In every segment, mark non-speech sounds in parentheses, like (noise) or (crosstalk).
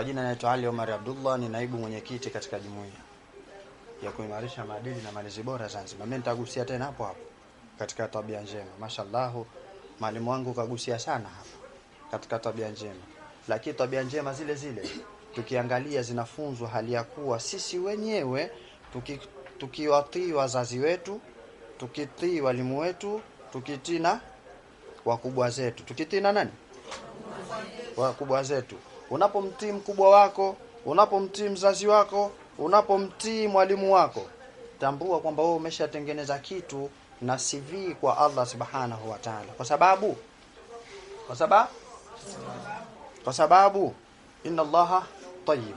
Kwa jina naitwa Ali Omar Abdullah, ni naibu mwenyekiti katika jumuiya ya kuimarisha maadili na malezi bora Zanzibar. Mimi nitagusia tena hapo hapo katika tabia njema. Mashallah, mwalimu wangu kagusia sana hapo katika tabia njema, lakini tabia njema zile zile tukiangalia zinafunzwa hali ya kuwa sisi wenyewe tuki, tukiwatii wazazi wetu, tukitii walimu wetu, tukitina wakubwa zetu, tukitii nani wakubwa zetu unapomtii mkubwa wako, unapomtii mzazi wako, unapomtii mwalimu wako, tambua kwamba wewe umeshatengeneza kitu na CV kwa Allah Subhanahu wa Ta'ala, kwa sababu kwa sababu kwa sababu inna Allaha tayyib,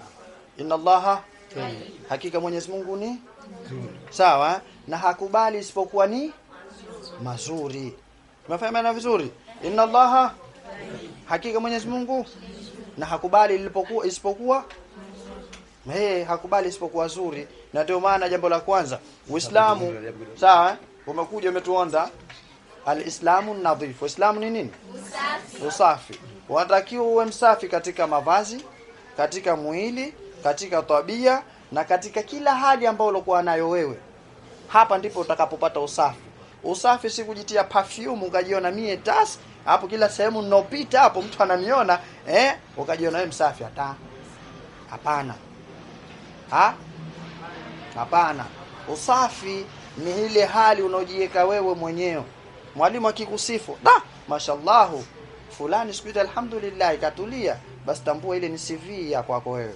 inna Allaha tayyib, hakika Mwenyezi Mungu ni sawa na hakubali isipokuwa ni mazuri. Umefahamu na vizuri, inna Allaha hakika Mwenyezi Mungu na hakubali lilipokuwa isipokuwa eh hakubali isipokuwa zuri na ndio maana jambo la kwanza Uislamu sawa umekuja umetuonda alislamu nadhif Uislamu ni nini usafi, usafi. Unatakiwa uwe msafi katika mavazi katika mwili katika tabia na katika kila hali ambayo ulikuwa nayo wewe hapa ndipo utakapopata usafi usafi si kujitia perfume ukajiona mie task hapo kila sehemu mnaopita hapo mtu ananiona eh, ukajiona wewe msafi. Hata hapana, ha hapana. Usafi ni ile hali unaojiweka wewe mwenyewe. Mwalimu akikusifu da, mashallahu fulani siku alhamdulillah, katulia, basi tambua ile ni CV ya kwako wewe.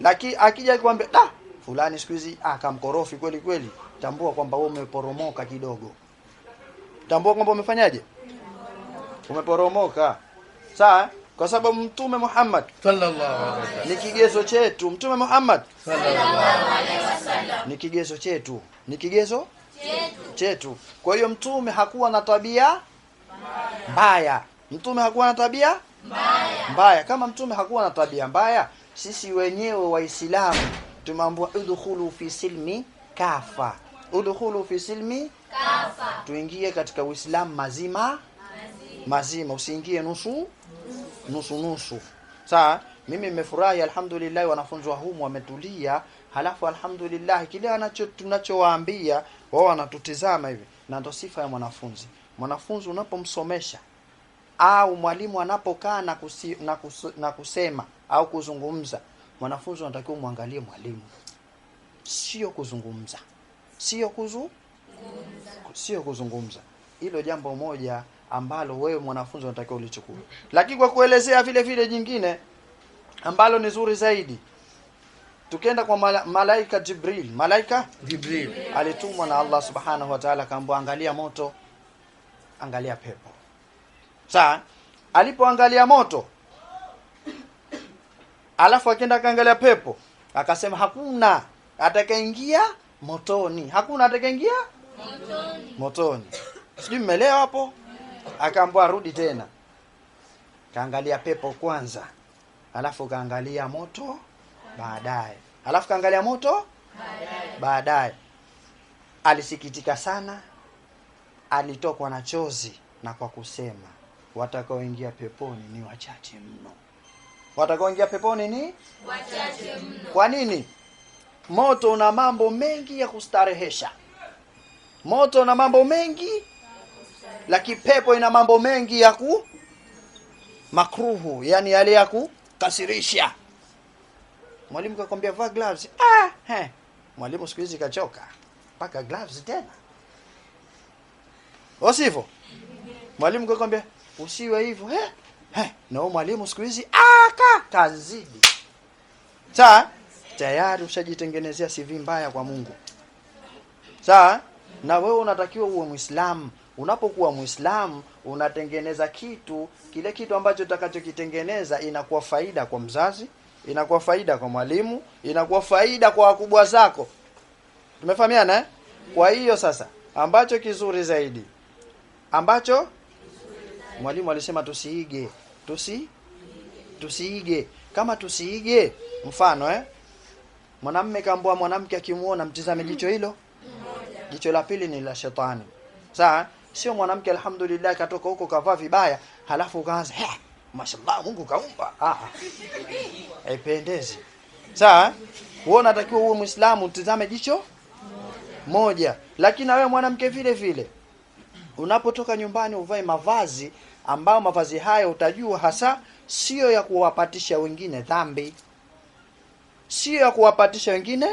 Lakini akija kwambia da, fulani siku hizi akamkorofi ah, kweli kweli, tambua kwamba wewe umeporomoka kidogo, tambua kwamba umefanyaje umeporomoka sawa kwa sababu mtume Muhammad sallallahu alaihi wasallam ni kigezo chetu mtume Muhammad sallallahu alaihi wasallam ni kigezo chetu ni kigezo chetu, chetu. kwa hiyo mtume hakuwa na tabia mbaya mtume hakuwa na tabia mbaya mbaya kama mtume hakuwa na tabia mbaya sisi wenyewe waislamu tumeambiwa udkhulu fi silmi kafa udkhulu fi silmi kafa tuingie katika uislamu mazima mazima usiingie nusu nusu nusu sawa mimi nimefurahi alhamdulillah wanafunzi wa humu wametulia halafu alhamdulillah kile anacho tunachowaambia wao wanatutizama hivi na ndo sifa ya mwanafunzi mwanafunzi unapomsomesha au mwalimu anapokaa na, kusi, na, kus, na kusema au kuzungumza mwanafunzi anatakiwa umwangalie mwalimu sio kuzungumza sio kuzu sio kuzungumza hilo jambo moja ambalo wewe mwanafunzi unatakiwa ulichukue lakini kwa kuelezea vile vile jingine ambalo ni zuri zaidi tukienda kwa malaika Jibril malaika Jibril alitumwa na Allah subhanahu wa ta'ala akaambia angalia moto angalia pepo sawa alipoangalia moto alafu akaenda akaangalia pepo akasema hakuna atakaingia motoni hakuna atakaingia motoni motoni sijui mmeelewa hapo akaambwa rudi tena kaangalia pepo kwanza alafu kaangalia moto baadaye alafu kaangalia moto baadaye alisikitika sana alitokwa na chozi na kwa kusema watakaoingia peponi ni wachache mno watakaoingia peponi ni wachache mno kwa nini moto una mambo mengi ya kustarehesha moto una mambo mengi lakini pepo ina mambo mengi ya ku makruhu, yani yale ya kukasirisha. Mwalimu kakwambia vaa gloves. Ah, he. Mwalimu siku hizi kachoka. Paka gloves tena. wasivo Mwalimu kakwambia usiwe hivyo. He. He. Na mwalimu siku hizi ah ka kazidi. Sawa? Tayari ushajitengenezea CV mbaya kwa Mungu. Sawa? Na wewe unatakiwa uwe Muislamu. Unapokuwa Muislamu unatengeneza kitu, kile kitu ambacho utakachokitengeneza inakuwa faida kwa mzazi, inakuwa faida kwa mwalimu, inakuwa faida kwa wakubwa zako. Tumefahamiana eh? Kwa hiyo sasa ambacho kizuri zaidi ambacho mwalimu alisema tusiige, tusi tusiige. Kama tusiige mfano eh? Mwanamume kaambua mwanamke akimuona mtizame jicho hilo. Jicho la pili ni la shetani. Sawa? sio mwanamke alhamdulillah katoka huko kavaa vibaya halafu ukaanza mashallah Mungu kaumba ah, ah. aipendezi sawa uone unatakiwa uwe muislamu mtizame jicho moja lakini na wewe mwanamke vile vile unapotoka nyumbani uvae mavazi ambayo mavazi hayo utajua hasa sio ya kuwapatisha wengine dhambi sio ya kuwapatisha wengine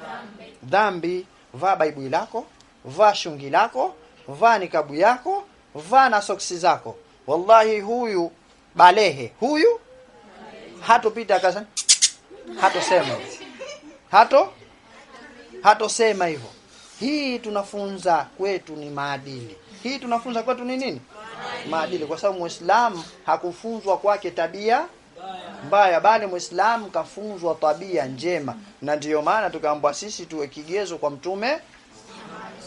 dhambi, dhambi. vaa baibui lako vaa shungi lako vaa nikabu yako, vaa na soksi zako. Wallahi huyu balehe huyu hatopita kasa, (tsk) hatosema hato hatosema hivyo. Hii tunafunza kwetu ni maadili. Hii tunafunza kwetu ni nini? Maadili, kwa sababu Muislamu hakufunzwa kwake tabia mbaya, bali Muislamu kafunzwa tabia njema, na ndiyo maana tukaambwa sisi tuwe kigezo kwa Mtume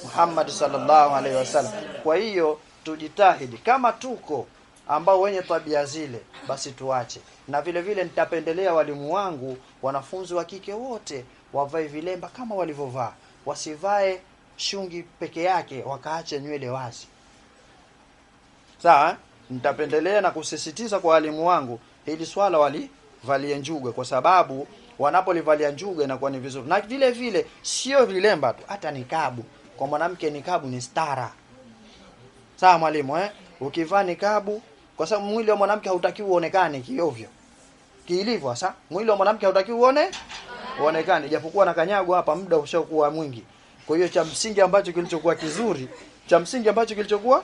Muhammad sallallahu alaihi wasallam kwa hiyo tujitahidi kama tuko ambao wenye tabia zile basi tuache na vile vile nitapendelea walimu wangu wanafunzi wa kike wote wavae vilemba kama walivyovaa wasivae shungi peke yake wakaache nywele wazi sawa eh? nitapendelea na kusisitiza kwa walimu wangu hili swala walivalie njuga kwa sababu wanapolivalia njuga inakuwa ni vizuri na vile vile sio vilemba tu hata nikabu kwa mwanamke nikabu ni stara. Sawa mwalimu eh? Ukivaa nikabu kwa sababu mwili wa mwanamke hautaki uonekane kiovyo. Kiilivyo sasa, mwili wa mwanamke hautaki uone uonekane japokuwa na kanyago hapa muda ushakuwa mwingi. Kwa hiyo cha msingi ambacho kilichokuwa kizuri, cha msingi ambacho kilichokuwa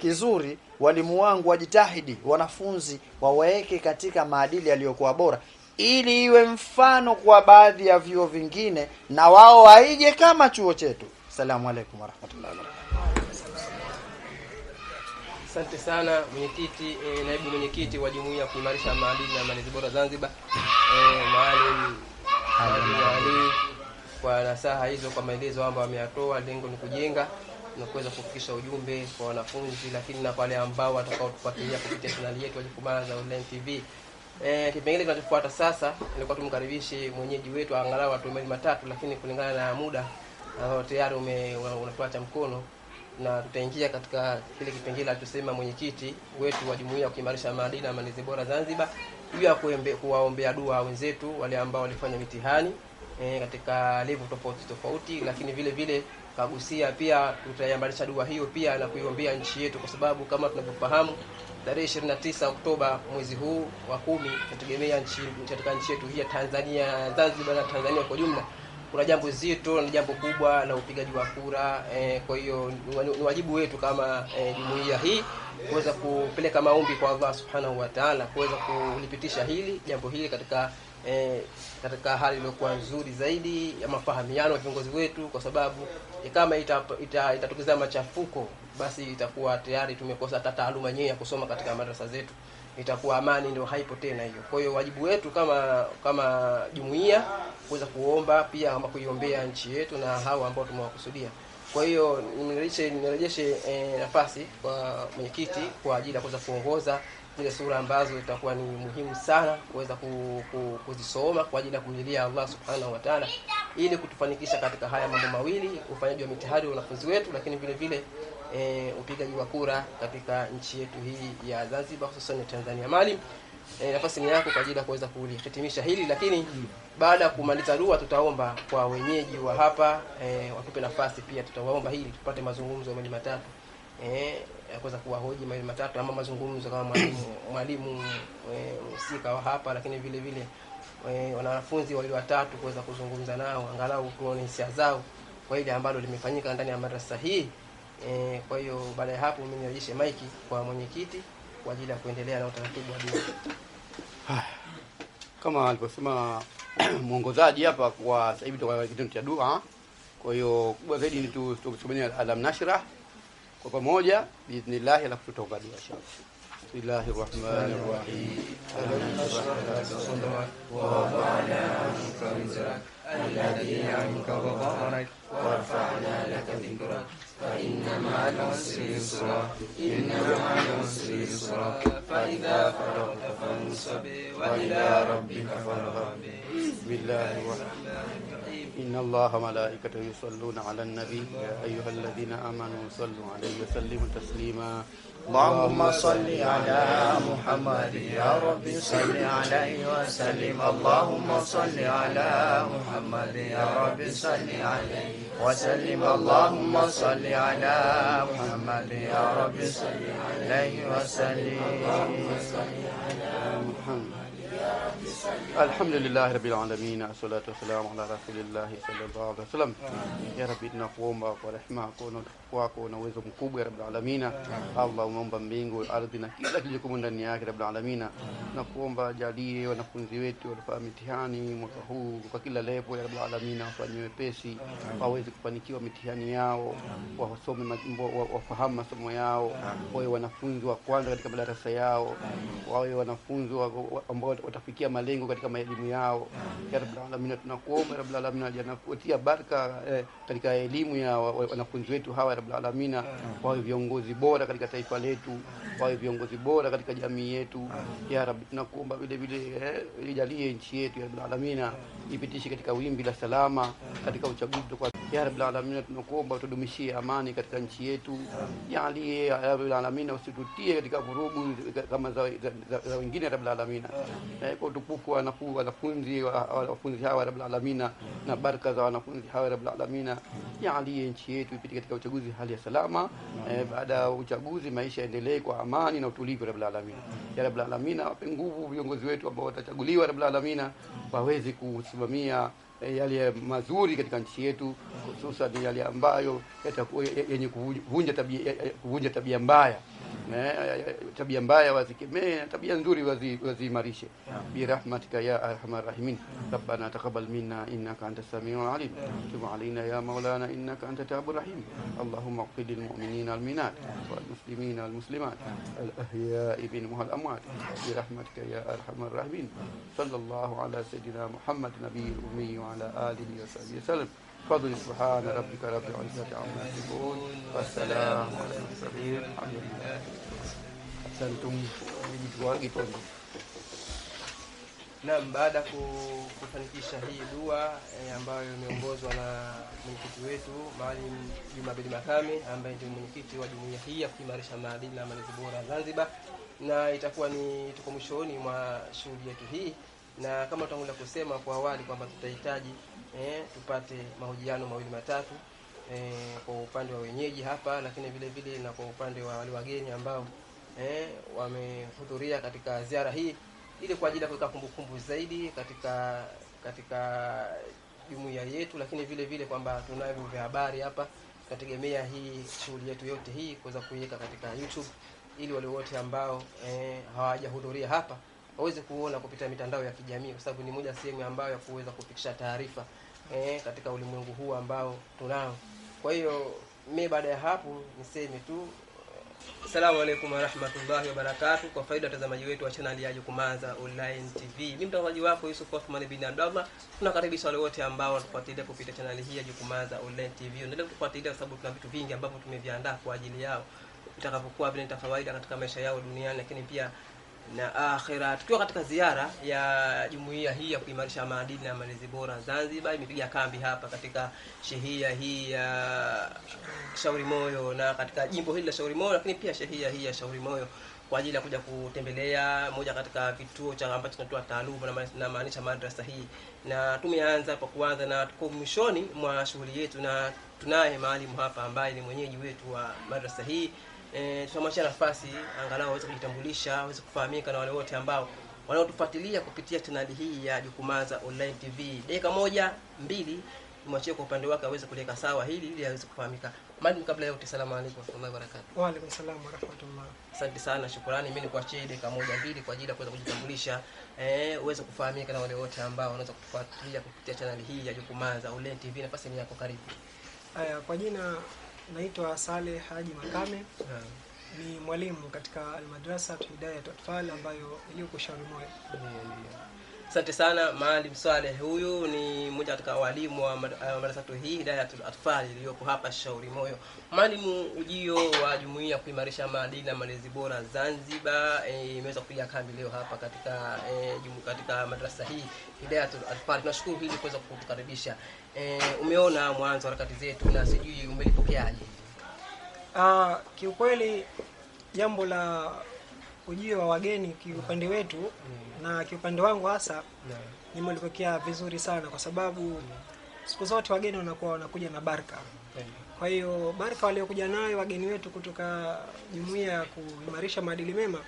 kizuri walimu wangu wajitahidi wanafunzi waweke katika maadili yaliyokuwa bora ili iwe mfano kwa baadhi ya vyuo vingine na wao waige kama chuo chetu. Asalamu alaykum wa barakatuh. Asante sana mwenyekiti, e, naibu mwenyekiti wa jumuiya ya kuimarisha maadili na malezi bora Zanzibar, e, Maalim Ali kwa nasaha hizo, kwa maelezo ambayo ameyatoa. Lengo ni kujenga na kuweza kufikisha ujumbe kwa wanafunzi, lakini na wale ambao watakaotufuatilia kupitia chaneli yetu ya Jiko za Online TV. Eh, kipengele kinachofuata sasa, nilikuwa tumkaribishe mwenyeji wetu angalau atume matatu, lakini kulingana na muda ambao tayari unatuacha mkono na tutaingia katika kile kipengele alichosema mwenyekiti wetu wa jumuiya ya kuimarisha maadili na malezi bora Zanzibar hiyo ya kuwaombea dua wenzetu wale ambao walifanya mitihani e, katika level tofauti tofauti, lakini vile vile kagusia pia tutaiambarisha dua hiyo pia na kuiombea nchi yetu, kwa sababu kama tunavyofahamu tarehe 29 Oktoba mwezi huu wa kumi tunategemea nchi katika nchi yetu hii ya Tanzania Zanzibar na Tanzania kwa jumla kuna jambo zito, ni jambo kubwa la upigaji wa kura e, Kwa hiyo ni wajibu wetu kama eh, jumuiya hii kuweza kupeleka maombi kwa Allah subhanahu wa ta'ala, kuweza kulipitisha hili jambo hili katika e, katika hali iliyokuwa nzuri zaidi ya mafahamiano ya viongozi wetu, kwa sababu kama itatokezea ita, ita machafuko, basi itakuwa tayari tumekosa hata taaluma yenyewe ya kusoma katika madrasa zetu itakuwa amani ndio haipo tena hiyo. Kwa hiyo wajibu wetu kama kama jumuiya kuweza kuomba pia ama kuiombea nchi yetu na hao ambao tumewakusudia. Kwa hiyo nirejeshe nimerejeshe e, eh, nafasi kwa mwenyekiti kwa ajili ya kuweza kuongoza zile sura ambazo itakuwa ni muhimu sana kuweza kuzisoma kwa ajili ya kumlilia Allah Subhanahu wa Ta'ala, ili kutufanikisha katika haya mambo mawili, ufanyaji wa mitihani wa wanafunzi wetu, lakini vile vile e, upigaji wa kura katika nchi yetu hii ya Zanzibar hususan Tanzania. Maalim, e, nafasi ni yako kwa ajili ya kuweza kulihitimisha hili, lakini baada ya kumaliza dua tutaomba kwa wenyeji wa hapa e, watupe nafasi pia, tutawaomba hili tupate mazungumzo ya matatu eh, kuweza kuwahoji mawili matatu ama mazungumzo kama mwalimu mwalimu e, husika e, wa hapa, lakini vile vile e, wanafunzi wawili watatu kuweza kuzungumza nao angalau kuona hisia zao kwa ile ambalo limefanyika ndani ya madrasa hii. E, kwa hiyo baada ya hapo mimi nirejeshe maiki kwa mwenyekiti kwa ajili ya kuendelea na utaratibu wa dini. Kama alivyosema (clears throat) mwongozaji hapa, kwa sasa hivi tutakuwa kitendo cha dua. Kwa hiyo kubwa zaidi ni tusomea alam nashra kwa pamoja biidhnillah, la kutoka dua inshallah. Bismillahir rahmanir rahim alam nashra sadrak wa wada'na anka wizrak alladhi anka wada'na العسر يسرا إن مع العسر يسرا فإذا فرغت فانصب وإلى ربك فارغب بسم الله الرحمن الرحيم إن الله وملائكته يصلون على النبي يا أيها الذين آمنوا صلوا عليه وسلموا تسليما اللهم صل على محمد يا رب صل عليه وسلم اللهم صل على محمد يا رب صل عليه وسلم اللهم صل على محمد يا رب صل عليه وسلم اللهم صل على محمد alhamdulillahi rabbil alamin assalatu wassalamu ala rasulillahi sallallahu alaihi wasallam. Ya Rabbi, tunakuomba kwa rehema kwako na uwezo mkubwa ya rabbil alamin. Allah, umeumba mbingu, ardhi na kila kilichokuwa ndani yake rabbil alamin. Tunakuomba jalie wanafunzi wetu walifanya mitihani mwaka huu kwa kila level ya rabbil alamin, wafanyie wepesi, waweze kufanikiwa mitihani yao, wasome wafahamu masomo yao, wawe wanafunzi wa kwanza katika madarasa yao, wawe wanafunzi ambao watafikia malengo mpengo katika maelimu yao. Ya Rabbul Alamin, tunakuomba Ya Rabbul Alamin, watia baraka eh, katika elimu ya wanafunzi wetu hawa Ya Rabbul Alamin, wawe viongozi bora katika taifa letu, wawe viongozi bora katika jamii yetu. Ya Rabbi, tunakuomba vile vile eh, ijalie nchi yetu Ya Rabbul Alamin, ipitishe katika wimbi la salama katika uchaguzi ya Rabbil Alamin, tunakuomba utudumishie amani katika nchi yetu, jalie ya Rabbil Alamin, usitutie katika vurugu kama za za, wengine ya Rabbil Alamin, eh, kwa utukufu wa wanafunzi wanafunzi hawa Rabbil Alamin, na baraka za wanafunzi hawa Rabbil Alamin, jalie nchi yetu ipite katika uchaguzi hali ya salama. Eh, baada ya uchaguzi, maisha yaendelee kwa amani na utulivu Rabbil Alamin. Ya Rabbil Alamin, wape nguvu viongozi wetu ambao watachaguliwa Rabbil Alamin, waweze kusimamia Eh, yale mazuri katika nchi yetu, hususan yale ambayo yatakuwa yenye kuvunja tabia, kuvunja tabia mbaya. tabia mbaya wazikemee na tabia nzuri waziimarishe birahmatika ya arhamar rahimin rabbana taqabbal minna innaka anta samiul alim tub alaina ya maulana innaka anta tawwabur rahim allahumma qid lil mu'minina wal minat wal muslimina wal muslimat al ahya'i minhum wal amwat birahmatika ya arhamar rahimin sallallahu ala sayidina muhammad nabiyil ummi wa ala alihi wa sahbihi sallam بفضل سبحان ربك رب العزة عما يصفون والسلام على المرسلين الحمد لله Asanteni kidogo. Naam, baada ya kufanikisha hii dua e, ambayo imeongozwa na mwenyekiti wetu Maalim Juma bin Makame ambaye ndio mwenyekiti wa jumuiya hii ya kuimarisha maadili na malezi bora Zanzibar, na itakuwa ni tuko mwishoni mwa shughuli yetu hii na kama tutangulia kusema kwa awali kwamba tutahitaji eh, tupate mahojiano mawili matatu eh, kwa upande wa wenyeji hapa, lakini vile vile na kwa upande wa wale wageni ambao eh, wamehudhuria katika ziara hii ili kwa ajili ya kuweka kumbukumbu zaidi katika katika jumuiya yetu, lakini vile vile kwamba tunayo vya habari hapa, tutategemea hii shughuli yetu yote hii kuweza kuiweka katika YouTube ili wale wote ambao eh, hawajahudhuria hapa waweze kuona kupitia mitandao ya kijamii, kwa sababu ni moja sehemu ambayo ya kuweza kufikisha taarifa eh, katika ulimwengu huu ambao tunao. Kwa hiyo mi baada ya hapo niseme tu eh, Asalamu alaykum wa rahmatullahi wa barakatuh, Kwa faida watazamaji wetu wa channel ya Jukumaza Online TV, mimi mtazamaji wako Yusuf Othman bin Abdallah, tunakaribisha wale wote ambao wanatufuatilia kupitia channel hii ya Jukumaza Online TV. Endelea kutufuatilia kwa sababu tuna vitu vingi ambavyo tumeviandaa kwa ajili yao, itakapokuwa vile kawaida katika maisha yao duniani, lakini pia na akhira. Ah, tukiwa katika ziara ya jumuiya hii ya kuimarisha maadili na malezi bora Zanzibar, imepiga kambi hapa katika shehia hii ya Shauri Moyo na katika jimbo hili la Shauri Moyo, lakini pia shehia hii ya Shauri Moyo kwa ajili ya kuja kutembelea moja katika vituo cha ambacho tunatoa taaluma na maanisha madrasa hii, na tumeanza kwa kuanza na tuko mwishoni mwa shughuli yetu, na tunaye maalimu hapa ambaye ni mwenyeji wetu wa madrasa hii e, tunamwachia nafasi angalau aweze kujitambulisha, aweze kufahamika na wale wote ambao wanaotufuatilia kupitia chaneli hii ya Jukumaza Online TV. Dakika moja mbili mwachie kwa upande wake aweze kuliweka sawa hili ili aweze kufahamika. Mwalimu, kabla ya yote, salamu alaykum warahmatullahi barakatuh. Wa alaykum salaam wa rahmatullah. Asante sana, shukrani. Mimi nikuachie dakika moja mbili kwa ajili ya kuweza kujitambulisha, eh, uweze kufahamika na wale wote ambao wanaweza kutufuatilia kupitia chaneli hii ya Jukumaza Online TV. Nafasi ni yako, karibu. Aya, kwa jina Naitwa Saleh Haji Makame Ni mwalimu katika Almadrasa Hidayatul Atfal ambayo iliyoko Shauri Moyo. yeah, yeah. Asante sana Maalim Saleh. Huyu ni mmoja katika walimu wa madrasatu hii Hidayatul Atfal iliyopo hapa Shauri Moyo. Mwalimu, ujio wa jumuiya ya kuimarisha maadili na malezi bora Zanzibar e, imeweza e, kupiga kambi leo hapa katika e, jumu, katika madrasa hii Hidayatul Atfal. Tunashukuru hili kuweza kutukaribisha. E, umeona mwanzo harakati zetu na sijui umelipokeaje? Ah, kiukweli jambo la ujio wa wageni kiupande wetu na kiupande wangu hasa yeah. nimelipokea vizuri sana kwa sababu siku zote wageni wanakuwa wanakuja na baraka kwa hiyo baraka waliokuja nayo wageni wetu kutoka jumuiya ya kuimarisha maadili mema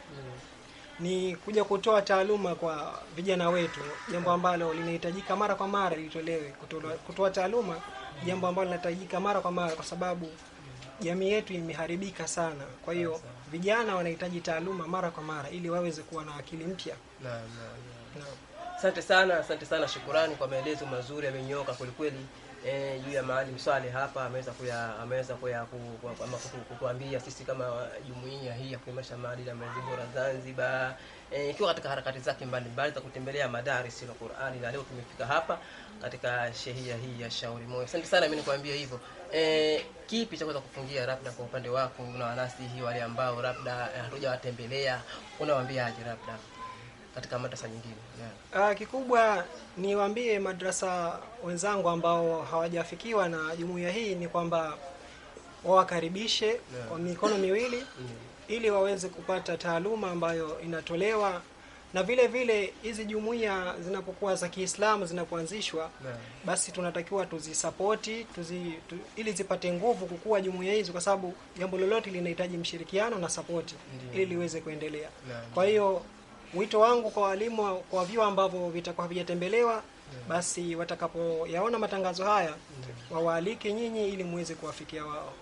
ni kuja kutoa taaluma kwa vijana wetu, jambo ambalo linahitajika mara kwa mara litolewe. Kutoa taaluma, jambo ambalo linahitajika mara kwa mara, kwa sababu jamii yetu imeharibika sana. Kwa hiyo vijana wanahitaji taaluma mara kwa mara ili waweze kuwa na akili mpya. Asante sana, asante sana, shukurani kwa maelezo mazuri yamenyoka kwelikweli eh, juu ya Maalim swale hapa ameweza kuya ameweza kuya kutuambia sisi kama jumuiya hii ya kuimarisha maadili ya malezi bora Zanzibar e, ikiwa katika harakati zake mbalimbali za kutembelea madaris ya Qur'ani, na leo tumefika hapa katika shehia hii ya Shauri Moyo. Asante sana, mimi nikwambia hivyo eh, kipi cha kuweza kufungia labda kwa upande wako na unawanasihi wale ambao labda eh, hatujawatembelea unawaambiaje labda katika madrasa nyingine? Yeah. Ah, kikubwa niwaambie madrasa wenzangu ambao hawajafikiwa na jumuiya hii ni kwamba wawakaribishe yeah, kwa mikono miwili yeah, mm. ili waweze kupata taaluma ambayo inatolewa na vile vile hizi jumuiya zinapokuwa za Kiislamu zinapoanzishwa yeah. Basi tunatakiwa tuzisapoti tuzi, tu, ili zipate nguvu kukua jumuiya hizi, kwa sababu jambo lolote linahitaji mshirikiano na sapoti yeah. Ili liweze kuendelea yeah. Kwa hiyo wito wangu kwa walimu kwa vyuo ambavyo vitakuwa havijatembelewa yeah. Basi watakapoyaona matangazo haya yeah. Wawaalike nyinyi ili muweze kuwafikia wao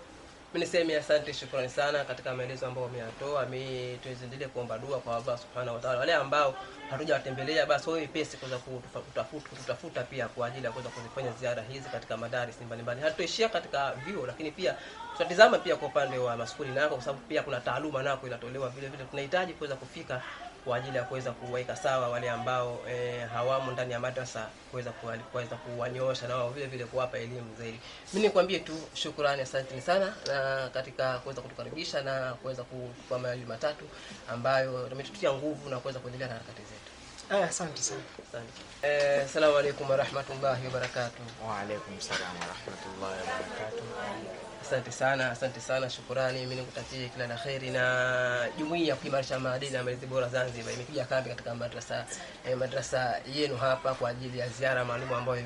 mi niseme asante, shukrani sana katika maelezo ambayo wameyatoa. Mi tuendelee kuomba dua kwa Allah subhanahu wa ta'ala, wale ambao hatujawatembelea basi wawe wepesi kuweza kututafuta, pia kwa ajili ya kuweza kuzifanya ziara hizi katika madaris mbalimbali. Hatuishia katika vyuo, lakini pia tutatizama pia kwa upande wa maskuli nako, kwa sababu pia kuna taaluma nako inatolewa vile vile, tunahitaji kuweza kufika kwa ajili ya kuweza kuwaika sawa wale ambao e, eh, hawamo ndani ya madrasa kuweza kuweza kuwanyoosha na wao vile vile kuwapa elimu zaidi. Mimi nikwambie tu shukrani, asanteni sana na katika kuweza kutukaribisha na kuweza kutupa mawili matatu ambayo tumetutia nguvu na kuweza kuendelea na harakati zetu. Eh, asante sana. Asante. Eh, asalamu alaykum wa rahmatullahi wa barakatuh. Wa alaykum salaam wa rahmatullahi wa barakatuh. Asante sana, asante sana, shukurani. Mimi nikutakie kila la kheri. Na jumuiya ya kuimarisha maadili na malezi bora Zanzibar imepiga kambi katika madrasa eh, madrasa yenu hapa kwa ajili ya ziara maalum ambayo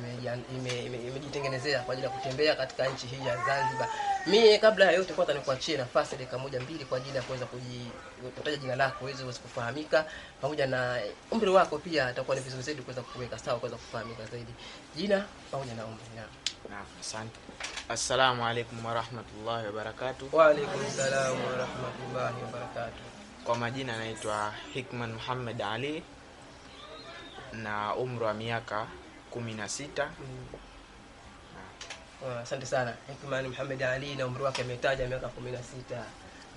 imejitengenezea kwa ajili ya kutembea katika nchi hii ya Zanzibar. Mimi kabla ya yote kwanza nikuachie nafasi dakika moja mbili kwa ajili ya kuweza kutaja jina lako ili uweze kufahamika, pamoja na umri wako pia, atakuwa ni vizuri zaidi kuweza kuweka sawa, kuweza kufahamika zaidi, jina pamoja na umri wako. Naam, asante. Assalamu alaikum warahmatullahi wabarakatuh. Wa alaikum salam warahmatullahi wabarakatuh. Kwa majina anaitwa Hikman Muhammad Ali na umri wa miaka kumi na sita. Mm. Ah, asante sana Hikman Muhammad Ali na umri wake ametaja miaka kumi na sita.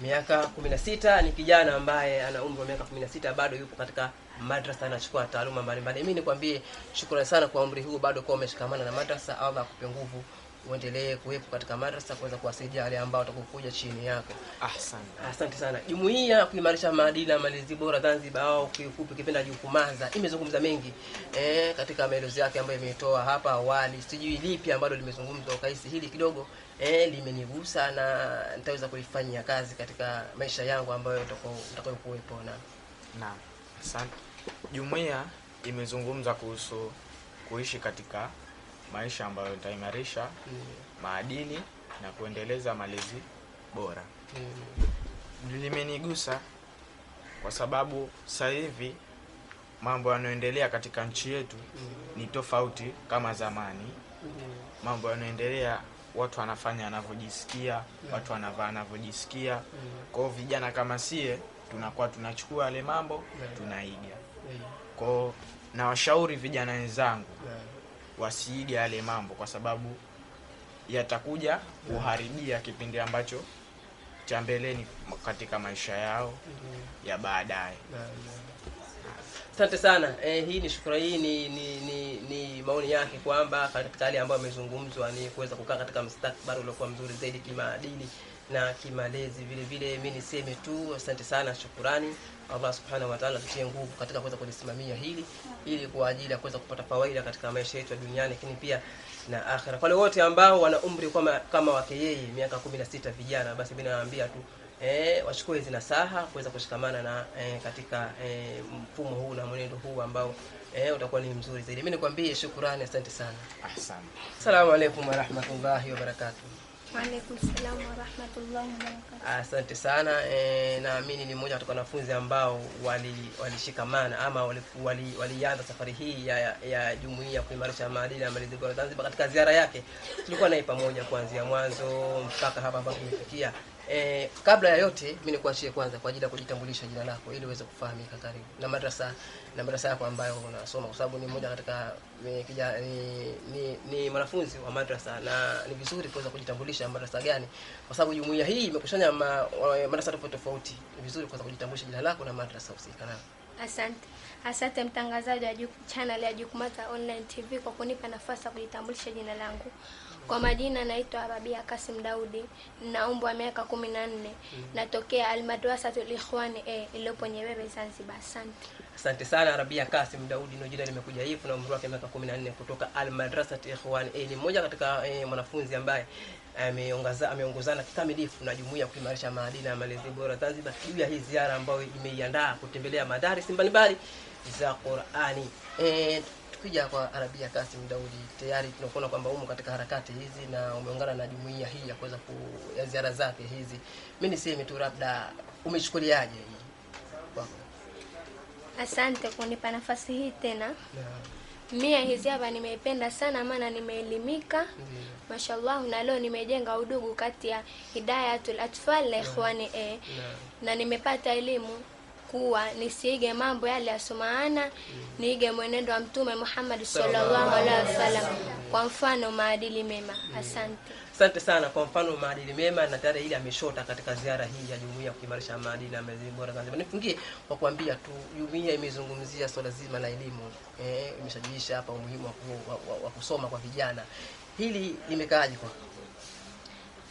Miaka kumi na sita ni kijana ambaye ana umri wa miaka kumi na sita bado yupo katika madrasa anachukua taaluma mbalimbali. Mimi nikwambie shukrani sana kwa umri huu bado kwa umeshikamana na madrasa. Allah akupe nguvu uendelee kuwepo katika madrasa kuweza kuwasaidia wale ambao watakokuja chini yako. Ahsante, asante sana. Jumuiya kuimarisha maadili na malezi bora Zanzibar, au kiufupi kipenda JUKUMAZA, imezungumza mengi eh, katika maelezo yake ambayo imetoa hapa awali. Sijui lipi ambalo limezungumzwa ukaisi hili kidogo eh, limenigusa na nitaweza kulifanyia kazi katika maisha yangu ambayo utakayokuwepo na naam Asante. Jumuiya imezungumza kuhusu kuishi katika maisha ambayo itaimarisha mm. maadili na kuendeleza malezi bora mm. limenigusa kwa sababu sasa hivi mambo yanayoendelea katika nchi yetu mm. ni tofauti kama zamani mm. mambo yanayoendelea watu wanafanya wanavyojisikia mm. watu wanavaa wanavyojisikia mm. kwao vijana kama sie tunakuwa tunachukua yale mambo yeah. tunaiga yeah. kwao nawashauri vijana wenzangu yeah. wasiige yale mambo kwa sababu yatakuja kuharibia kipindi ambacho cha mbeleni katika maisha yao mm-hmm. ya baadaye asante sana eh, hii ni shukra hii ni ni, ni, ni maoni yake kwamba katika hali ambayo amezungumzwa ni kuweza kukaa katika mustakbari uliokuwa mzuri zaidi kimaadili na kimalezi vile vile. Mimi niseme tu asante sana, shukurani Allah subhanahu wa ta'ala, tutie nguvu katika kuweza kulisimamia hili ili kwa ajili ya kuweza kupata faida katika maisha yetu ya duniani, lakini pia na akhira. Kwa wote ambao wana umri kama, kama wake yeye miaka 16 vijana, basi mimi naambia tu eh, wachukue hizi nasaha kuweza kushikamana na eh, katika eh, mfumo huu na mwenendo huu ambao eh, utakuwa ni mzuri zaidi. Mimi nikwambie shukrani, asante sana, asante. Asalamu alaykum wa rahmatullahi wa barakatuh. Asante sana e, naamini ni mmoja katika wanafunzi ambao walishikamana wali ama walianza wali, wali safari hii ya ya jumuiya kuimarisha maadili ya malezi bora Zanzibar. Katika ziara yake tulikuwa naye pamoja kuanzia mwanzo mpaka hapa hapa tumefikia. Eh, kabla ya yote mimi nikuachie kwanza kwa ajili ya kujitambulisha jina lako ili uweze kufahamika, karibu na madrasa na madrasa yako ambayo unasoma, kwa sababu ni mmoja katika ni, ni, ni, ni mwanafunzi wa madrasa na ni vizuri kuweza kujitambulisha madrasa gani, kwa sababu jumuiya hii imekushanya ma, madrasa tofauti tofauti. Ni vizuri kuweza kujitambulisha jina lako na madrasa husika nayo Asante. Asante mtangazaji wa channel ya Jukumata Online TV kwa kunipa nafasi ya kujitambulisha jina langu. Kwa majina naitwa Rabia Kasim Daudi, na umbo wa miaka kumi na nne. mm -hmm. Natokea Almadrasatul Ikhwani e, iliyopo Nyerere Zanzibar. Asante. Asante sana Rabia Kasim Daudi, ndio jina limekuja hivi, na umri wake miaka 14 kutoka Almadrasatul Ikhwani e, ni mmoja katika e, mwanafunzi ambaye ameongozana ameongozana kikamilifu na jumuiya kuimarisha maadili na malezi bora Zanzibar juu ya hii ziara ambayo imeiandaa kutembelea madaris mbalimbali za Qur'ani. Eh, Ukija kwa Arabia Kasim Daudi, tayari tunakuona kwamba umo katika harakati hizi na umeungana na jumuiya hii ya kuweza ya ziara zake hizi. Mimi niseme tu labda umechukuliaje hii kwako? Asante kunipa nafasi hii tena yeah. Mia hizi hapa nimeipenda sana, maana nimeelimika yeah. Mashallah, na leo nimejenga udugu kati ya Hidayatul Atfal na Ikhwani E yeah. na nimepata elimu kuwa nisiige mambo yale yasomaana, niige mwenendo wa Mtume Muhammad sallallahu alaihi wasallam, kwa mfano maadili mema. Asante. Asante sana. Kwa mfano maadili mema, na tayari ile ameshota katika ziara hii ya jumuiya kuimarisha maadili na mazingira bora Zanzibar. Nifungie kwa kuambia tu, jumuiya imezungumzia swala zima la elimu eh, imeshajiisha hapa umuhimu wa, wa, wa, wa kusoma kwa vijana. Hili limekaaje kwa?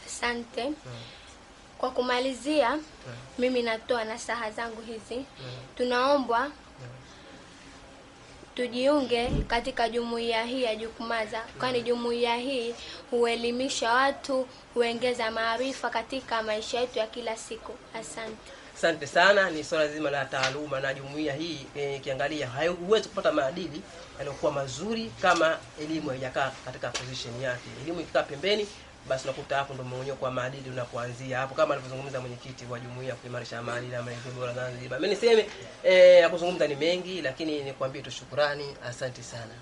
Asante. Hmm. Kwa kumalizia yeah. Mimi natoa nasaha zangu hizi yeah. Tunaombwa tujiunge katika jumuiya hii ya Jukumaza, kwani jumuiya hii huelimisha watu, huongeza maarifa katika maisha yetu ya kila siku. Asante. Asante sana. Ni swala zima la taaluma na jumuiya hii eh, ikiangalia, e, huwezi kupata maadili yaliyokuwa mazuri kama elimu haijakaa katika position yake. Elimu ikikaa pembeni basi unakuta hapo ndio mmomonyoko kwa maadili unakuanzia hapo, kama alivyozungumza mwenyekiti wa jumuiya kuimarisha amani na maendeleo bora Zanzibar. Mimi niseme eh, ya kuzungumza ni mengi, lakini nikwambie tu shukurani, asante sana.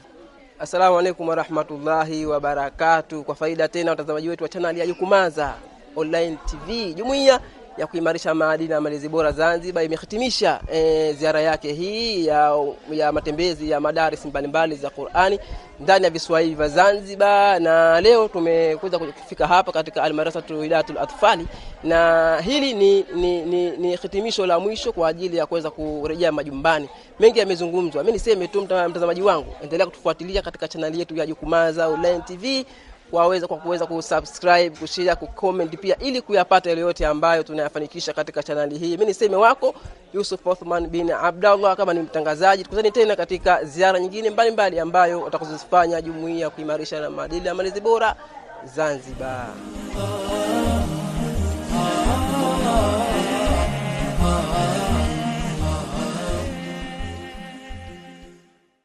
Assalamu alaikum warahmatullahi wabarakatu. Kwa faida tena watazamaji wetu wa chaneli ya Jukumaza Online TV, jumuiya ya kuimarisha maadili na malezi bora Zanzibar imehitimisha e, ziara yake hii ya, ya matembezi ya madaris mbalimbali za Qur'ani ndani ya visiwa hivi vya Zanzibar, na leo tumekuja kufika hapa katika Almadrasatu Hidayatul Atfali, na hili ni, ni, ni, ni hitimisho la mwisho kwa ajili ya kuweza kurejea majumbani. Mengi yamezungumzwa, mimi niseme tu mtazamaji wangu, endelea kutufuatilia katika chaneli yetu ya Jukumaza Online TV waweza kwa kuweza kusubscribe, kushare, kucomment pia ili kuyapata yale yote ambayo tunayafanikisha katika chaneli hii. Mimi ni seme wako Yusuf Othman bin Abdallah kama ni mtangazaji. Tukutane tena katika ziara nyingine mbalimbali ambayo utakazozifanya jumuiya kuimarisha na maadili ya malezi bora Zanzibar.